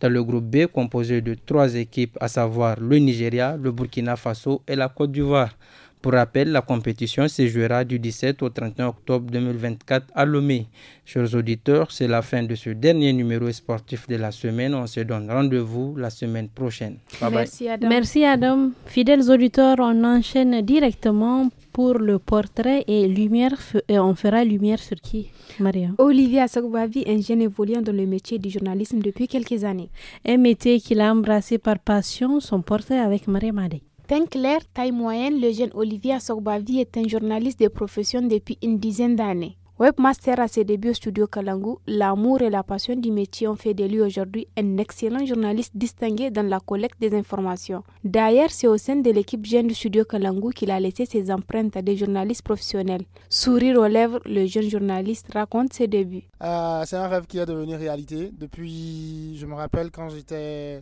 Dans le groupe B, composé de trois équipes, à savoir le Nigeria, le Burkina Faso et la Côte d'Ivoire. Pour rappel, la compétition se jouera du 17 au 31 octobre 2024 à Lomé. Chers auditeurs, c'est la fin de ce dernier numéro sportif de la semaine. On se donne rendez-vous la semaine prochaine. Merci Adam. Merci Adam. Fidèles auditeurs, on enchaîne directement pour le portrait et lumière et euh, on fera lumière sur qui Maria Olivia Sagoubavi, un jeune évoluant dans le métier du journalisme depuis quelques années. Un métier qu'il a embrassé par passion, son portrait avec Maria Madek clair, taille moyenne, le jeune Olivier Sogbavi est un journaliste de profession depuis une dizaine d'années. Webmaster à ses débuts au studio Kalangu, l'amour et la passion du métier ont fait de lui aujourd'hui un excellent journaliste distingué dans la collecte des informations. D'ailleurs, c'est au sein de l'équipe jeune du studio Kalangu qu'il a laissé ses empreintes à des journalistes professionnels. Sourire aux lèvres, le jeune journaliste raconte ses débuts. Euh, c'est un rêve qui est devenu réalité. Depuis, je me rappelle quand j'étais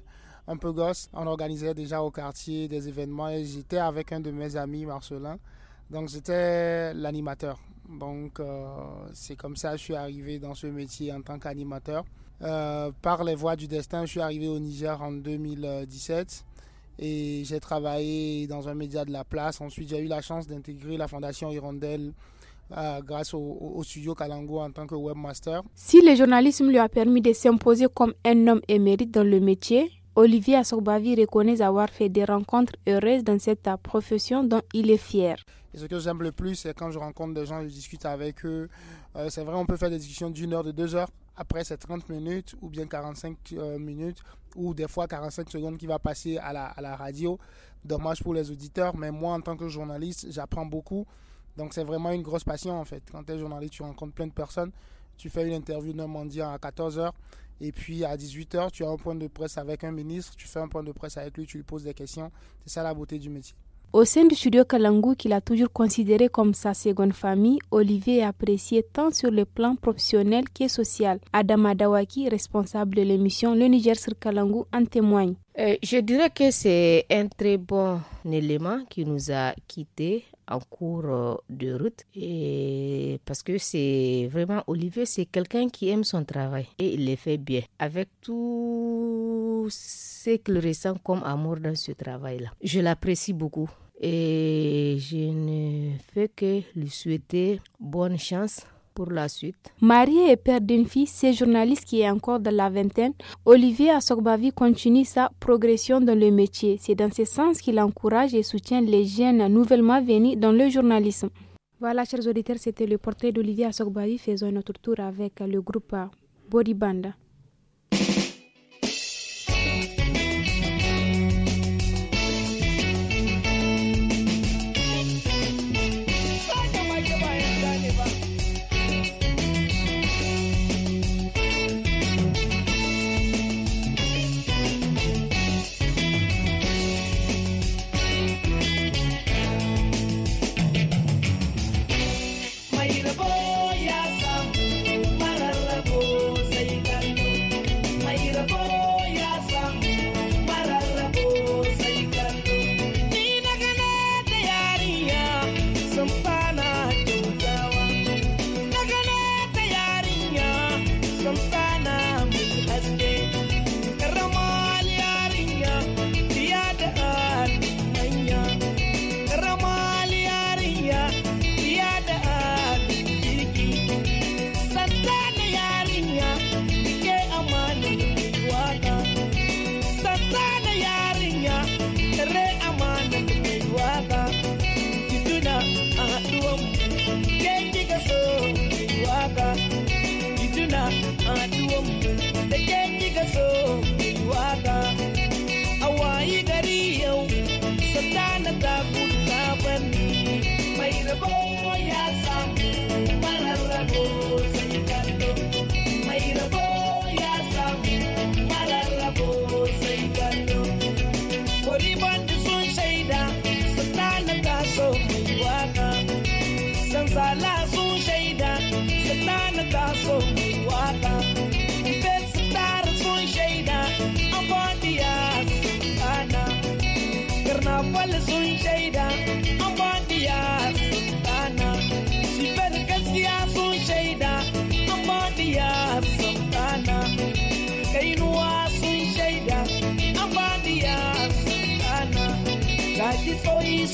un peu gosse. On organisait déjà au quartier des événements et j'étais avec un de mes amis, Marcelin. Donc j'étais l'animateur. Donc euh, c'est comme ça que je suis arrivé dans ce métier en tant qu'animateur. Euh, par les voies du destin, je suis arrivé au Niger en 2017 et j'ai travaillé dans un média de la place. Ensuite, j'ai eu la chance d'intégrer la Fondation Hirondelle euh, grâce au, studio Kalango en tant que webmaster. Si le journalisme lui a permis de s'imposer comme un homme émérite dans le métier, Olivier Assobavi reconnaît avoir fait des rencontres heureuses dans cette profession dont il est fier. ce que j'aime le plus, c'est quand je rencontre des gens, je discute avec eux. Euh, c'est vrai, on peut faire des discussions d'une heure, de deux heures. Après, c'est 30 minutes ou bien 45 euh, minutes ou des fois 45 secondes qui va passer à la, radio. Dommage pour les auditeurs, mais moi, en tant que journaliste, j'apprends beaucoup. Donc, c'est vraiment une grosse passion en fait. Quand tu es journaliste, tu rencontres plein de personnes. Tu fais une interview d'un à 14 heures et puis à 18h, tu as un point de presse avec un ministre, tu fais un point de presse avec lui, tu lui poses des questions. C'est ça la beauté du métier. Au sein du studio Kalangu, qu'il a toujours considéré comme sa seconde famille, Olivier est apprécié tant sur le plan professionnel qu'est social. Adam Adawaki, responsable de l'émission Le Niger sur Kalangu, en témoigne. Euh, je dirais que c'est un très bon élément qui nous a quittés en cours euh, de route. Et parce que c'est vraiment Olivier, c'est quelqu'un qui aime son travail et il le fait bien. Avec tout ce qu'il ressent comme amour dans ce travail-là. Je l'apprécie beaucoup et je ne fais que lui souhaiter bonne chance pour la suite. Marié et père d'une fille, c'est journaliste qui est encore dans la vingtaine. Olivier Assogbavi continue sa progression dans le métier. C'est dans ce sens qu'il encourage et soutient les jeunes nouvellement venus dans le journalisme. Voilà, chers auditeurs, c'était le portrait d'Olivier Assogbavi. Faisons notre tour avec le groupe Bodyband.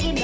easy.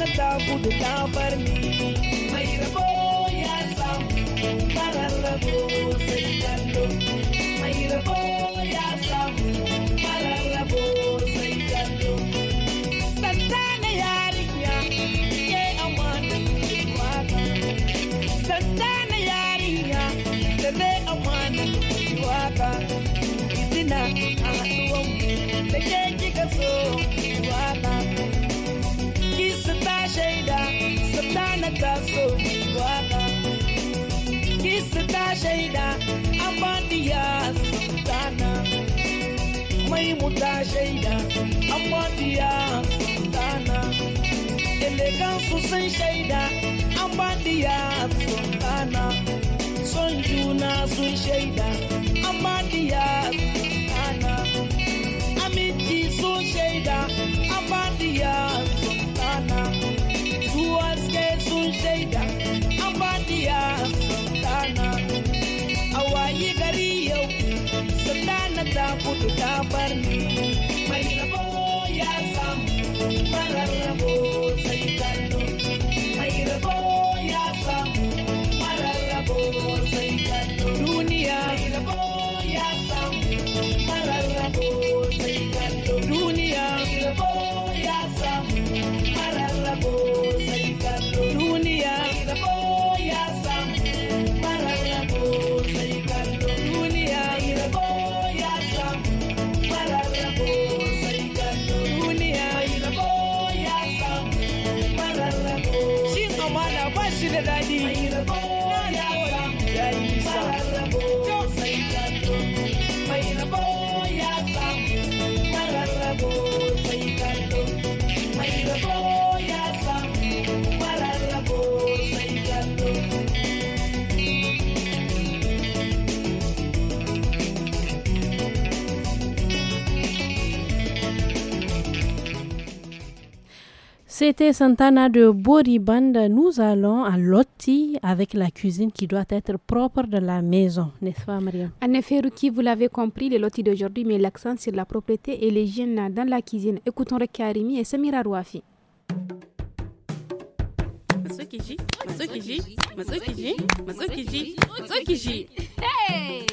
rana ta gudu ta bar ni mai rabo ya samu shaida ambaliya sultana mai muta shaida ambaliya sultana elegansu sun shaida ambaliya sultana son juna sun shaida gudu ta bar mai rabo ya samu marar rabo C'était Santana de Boriband. Nous allons à Loti avec la cuisine qui doit être propre de la maison, n'est-ce pas, Maria En effet, Ruki, vous l'avez compris, les lotis d'aujourd'hui met l'accent sur la propreté et les l'hygiène dans la cuisine. Écoutons Rekia et Samira Rouafi. Hey!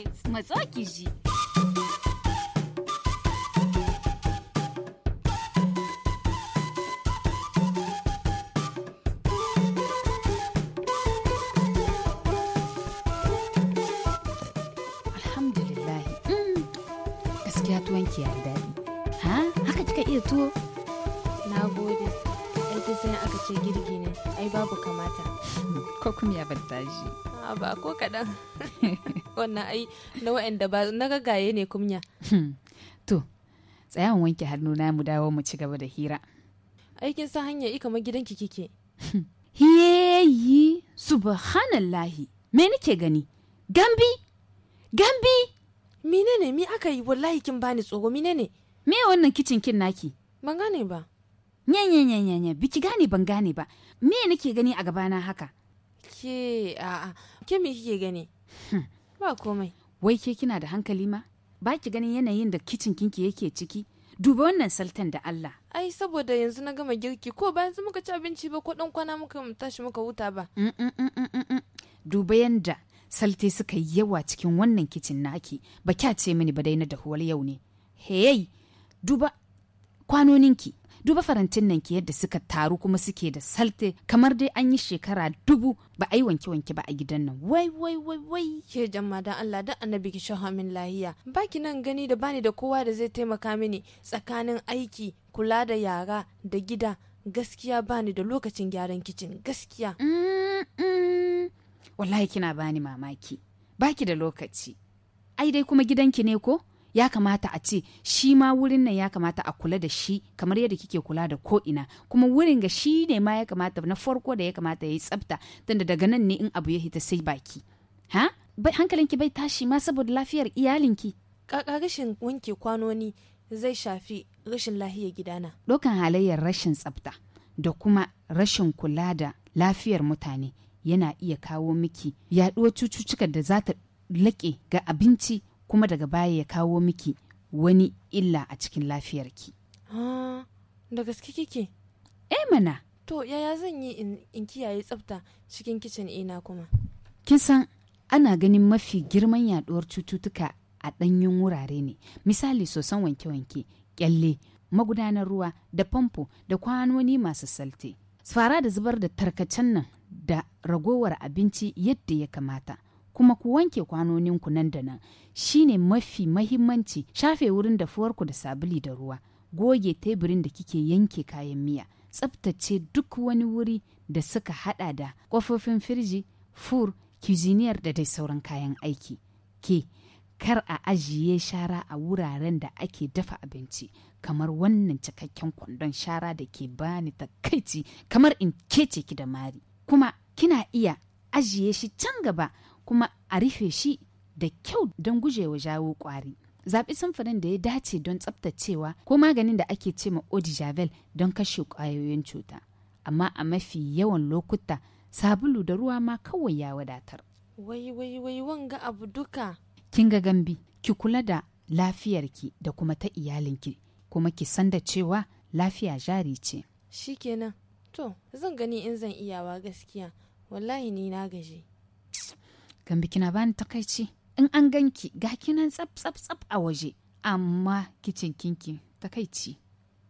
da tuwo na gode ai ta sai aka ce girki ne ai babu kamata ko kuma ya banta shi ba ko kaɗan wannan ai na wa'anda ba na gagaye ne kumya hmm. to tsayawan wanke hannu na mu dawo mu ci gaba da hira aikin sa hanya i kamar gidanki kike hmm. hiyeyi subhanallahi me nake gani gambi gambi mine ne mi aka yi wallahi kin bani tsoro mine ne Me wannan kicin kin naki? Ban gane ba. Nye nye nye nye biki gane ban gane ba. Me nake gani a gabana haka? Ke a'a, ke me kike gani? Hm. Ba komai. Wai ke kina da hankali ma? Ba ki ganin yanayin da kicin kinki yake ciki? Duba wannan saltan da Allah. Ai saboda yanzu na gama girki ko ba yanzu muka ci abinci ba ko dan kwana muka tashi muka huta ba. Mm, mm, mm, Duba yanda salte suka yi yawa cikin wannan kicin naki ba kya ce mini ba dai na dahuwar yau ne. Hey, duba kwanoninki duba farantin nan ki yadda suka taru kuma suke da salte kamar dai an yi shekara dubu ba a yi wanke wanke ba a gidan nan wai wai wai wai ke jama dan Allah dan annabi ki shaha min lahiya baki nan gani da bani da kowa da zai taimaka mini tsakanin aiki kula da yara da gida gaskiya bani da lokacin gyaran kicin gaskiya mm, mm. wallahi kina bani mamaki baki da lokaci ai dai kuma gidanki ne ko ya kamata a ce shi ma wurin nan ya kamata a kula da shi kamar yadda kike kula da ko ina kuma wurin ga shi ne ma ya kamata na farko da ya kamata ya yi tsafta tunda daga nan ne in abu ya hita sai baki ha bai hankalinki bai tashi ma saboda lafiyar iyalinki kaka rashin wanke kwanoni zai shafi rashin lafiyar gidana dokan halayyar rashin tsafta da kuma rashin kula da lafiyar mutane yana iya kawo miki yaɗuwar cututtukan da za ta laƙe ga abinci kuma daga baya ya kawo miki wani illa a cikin lafiyarki. Ah, da gaske kike? Eh mana. To yaya zan yi in kiyaye tsafta cikin kicin ina kuma? Kin san ana ganin mafi girman yaduwar cututtuka a ɗanyen wurare ne misali sosan wanke-wanke kyalle magudanar ruwa da famfo da kwanoni masu salte fara da zubar da tarkacen nan da ragowar abinci yadda ya kamata kuma ku wanke kwanoninku nan da nan shine mafi mahimmanci shafe wurin dafuwarku da sabuli da ruwa goge teburin da kike yanke kayan miya tsabtace duk wani wuri da suka hada da kofofin firji fur kiziniyar da dai sauran kayan aiki ke kar a ajiye shara a wuraren da ake dafa abinci kamar wannan cikakken kwandon shara da ke bani takaici kamar in kece ki da mari kuma kina iya ajiye shi can gaba kuma a rufe shi da kyau don gujewa jawo kwari zaɓi samfurin da ya dace don tsaftacewa ko maganin da ake ce ma Javel don kashe ƙwayoyin cuta amma a mafi yawan lokuta sabulu da ruwa ma kawai ya wadatar wai wai wai wanga abu duka kin ga gambi ki kula da lafiyarki da kuma ta iyalinki kuma ki san da cewa lafiya jari ce shikenan to zan gani in zan iyawa gaskiya wallahi ni na gaji gambi kina bani takaici in an ganki ga kinan tsab tsab tsab a waje amma kicin kinki takaici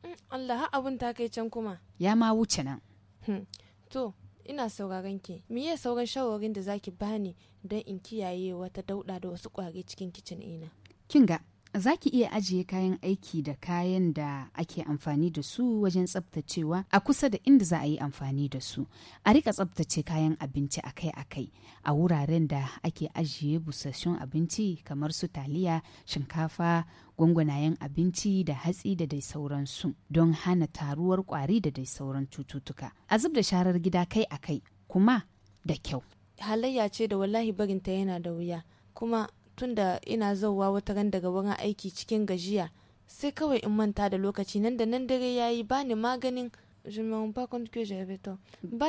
mm, Allah abun takaicen kuma ya ma wuce nan hmm, to ina sauraron ki me ya sauran shawarin da zaki bani don in kiyaye wata dauda da wasu kwari cikin kicin ina kin ga Za ki iya ajiye kayan aiki da kayan da ake amfani da su wajen tsabtacewa a kusa da inda za a yi amfani da su. A rika tsabtace kayan abinci akai-akai a wuraren da ake ajiye busassun abinci kamar su taliya, shinkafa, gwangwanayen abinci da hatsi da dai sauransu don hana taruwar kwari da dai sauran cututtuka. A zub da sharar gida kai-akai kuma da kyau. Halayya ce da wallahi barinta yana da wuya. kuma tun da ina zauwa wata ran daga wurin aiki cikin gajiya sai kawai in manta da lokaci nan da nan dare yayi bani maganin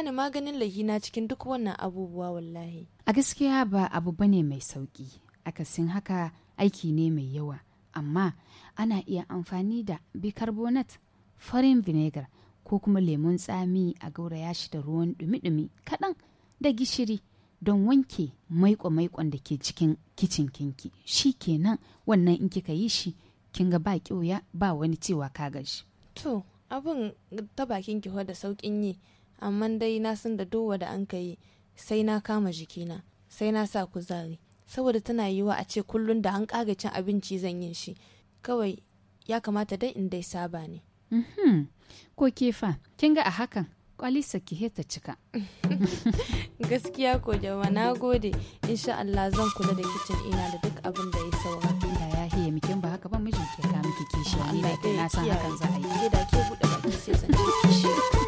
ni maganin lahina cikin duk wannan abubuwa wallahi a gaskiya ba abu bane mai sauki akasin haka aiki ne mai yawa amma ana iya amfani da bicarbonate farin vinegar ko kuma lemun tsami a gauraya shi da ruwan dumi-dumi kaɗan da gishiri don wanke maiko-maikon da ke cikin kicin kinki shi kenan wannan in kika yi shi kin ga ba ƙyoya ba wani cewa ka gaji. to abin ta bakin ki da sauƙin yi amma dai na san da dowa da an ka yi sai na kama jikina sai na sa kuzari saboda tana yiwa a ce kullum da an ƙaga cin abinci zan yin shi kawai ya kamata dai in dai saba ne. Uhm, ko kefa kin ga a hakan kwalisa ki ta cika gaskiya ko jama na gode insha Allah zan kula da kicin ina da duk abin da ya saura Ina ya hiye miki ba haka ba mijin ke ka miki kishi Ni ya na san hakan za a yi da ke bude baki sai san kishi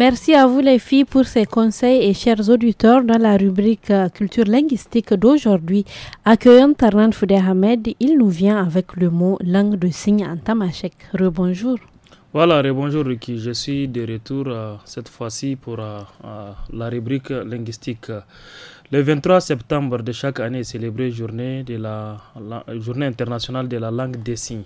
Merci à vous les filles pour ces conseils et chers auditeurs dans la rubrique euh, culture linguistique d'aujourd'hui. Accueillant Tarnan Ahmed, il nous vient avec le mot langue de signe en tamashek. Rebonjour. Voilà, rebonjour Ricky. Je suis de retour euh, cette fois-ci pour euh, la rubrique linguistique. Le 23 septembre de chaque année est célébrée de la, journée internationale de la langue des signes.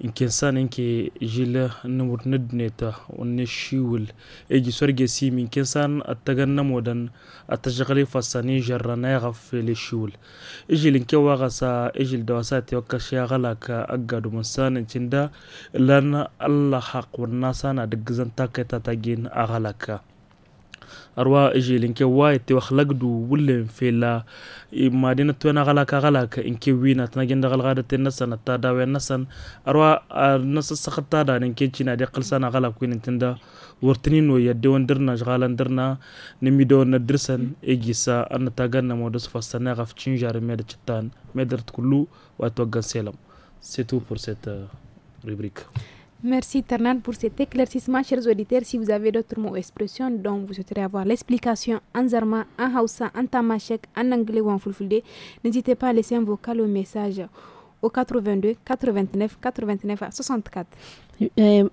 inkensan inke jila namur nadneta wani shiwil egi sorge sim inkensan attagan namodan attashakali fasani jarra nayaka fele shiwil ijil gala ka ijil dawasati wakashiyakalaka agadumansan incinda lan allah wannasana dagizan taketa tagin ka. arwa jelinke wa te wax lagdu wulen fela madina tuena galaka galaka inke wina tana genda nasan ta dawe nasan arwa nasa sakata da ninke china de qalsana galaka kuin tinda jgalan dirna nimido na dirsan egisa anna taganna modus fasana gaf chinjar med chitan medert kullu wa selam c'est tout pour cette euh, rubrique Merci Ternan pour cet éclaircissement, chers auditeurs. Si vous avez d'autres mots ou expressions dont vous souhaiterez avoir l'explication en zarma, en hausa, en tamashek, en anglais ou en fulfulde, n'hésitez pas à laisser un vocal ou message au 82 89 89 64.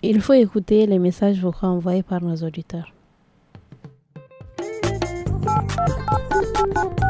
il faut écouter les messages vocaux envoyés par nos auditeurs.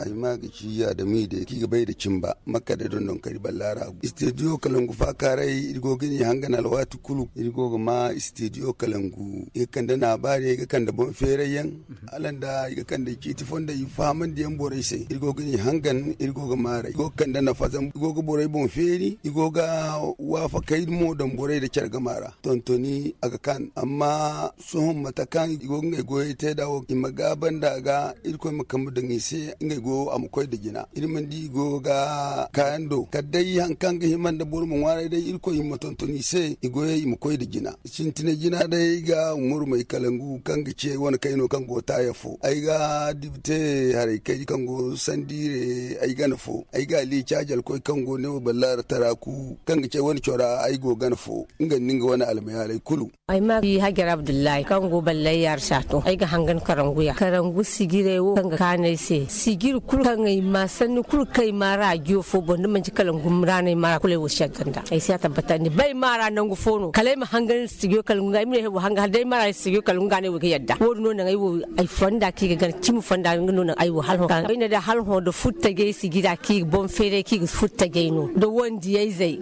ajima ga ya da mi da ki bai da cimba makka da don don kari lara studio kalangu fa karai irgo gini hangana alwatu kulu irgo ma studio kalangu e da na bare ga da bon fereyen mhm. alanda ga kanda kiti fonda yi faman da yan borai sai irgo gini hangan irgo ga mara irgo da na fazan irgo ga borai bon feri irgo ga wafa kai mo don borai da kyar gamara tontoni aga kan amma sun matakan irgo ngai goye te dawo magaban da ga irko makamu da ngise ngai go am da gina jina irman di go ga kayando kadai hankan ga himan da burmun ware dai irko himma tontoni se igo yayi mukoi da gina jina cintine jina dai ga umur mai kalangu kan ga ce wani kaino kan go ta yafo ai ga dibte hare kai kan go sandire ai ga nafo ai ga li chajal koi kan go ne ballar taraku kan ga ce wani chora ai go ga nafo ingan ninga wani almayalai kulu ai ma bi hagar abdullahi kan go ballai yar shato ai ga hangan karanguya karangu sigire wo kan ga kanai se sigir kuru kan ngai ma sannu kuru kai mara gyo fo bonde man ci kalan gumra ne mara kule wo shaganda ai sai tabbata ni bai mara nangu gu fono kalai ma hangarin sigyo kalan ngai mire wo hanga dai mara sigyo kalan ngai ne wo yadda wo no nan ai wo ai fanda ki ga gan cimu fanda no nan ai wo halho kan ina da hal halho do futta ge sigida ki bon fere ki futta ge no da wondi yai zai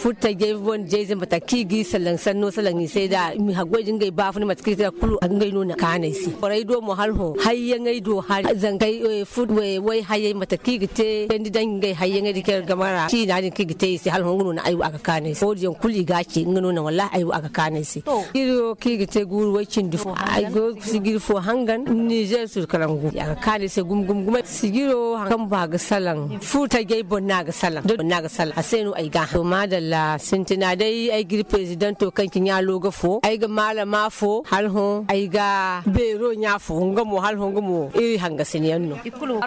futta ge bon je zai mata ki gi salan sanno salan sai da mi hagwajin gai bafu ne matkita kulu an gai no nan kanai si orai do mo halho hayyan gai do har zangai eh, food way eh, way haye mata kigite ndi dangai haye ngadi ker gamara ti nani kigite si hal hongunu na ayu aka kane si odiyon kuli gachi ngunu na wallahi ayu aka kane si kiro oh. kigite guru way cindi ay go sigir fo hangan ni niger sur kalangu aka kane se gum gum gum sigiro hangan ba ga salan futa gay bonna ga salan do na ga salan asenu ay ga to madalla sintina dai ay gir president to kanki nya ga fo ay ga malama fo hal hon ay ga bero nya fo ngamo hal hon ngamo iri hanga siniyanno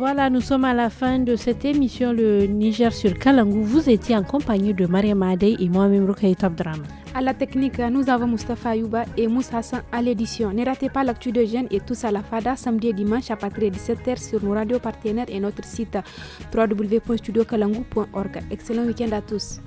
Voilà, nous sommes à la fin de cette émission Le Niger sur Kalangou. Vous étiez en compagnie de Marie made et moi-même Top Drame. À la technique, nous avons Mustafa Yuba et Moussa Hassan à l'édition. Ne ratez pas l'actu de jeunes et tous à la FADA samedi et dimanche à partir de 17h sur nos radios partenaires et notre site www.studiokalangu.org. Excellent week-end à tous.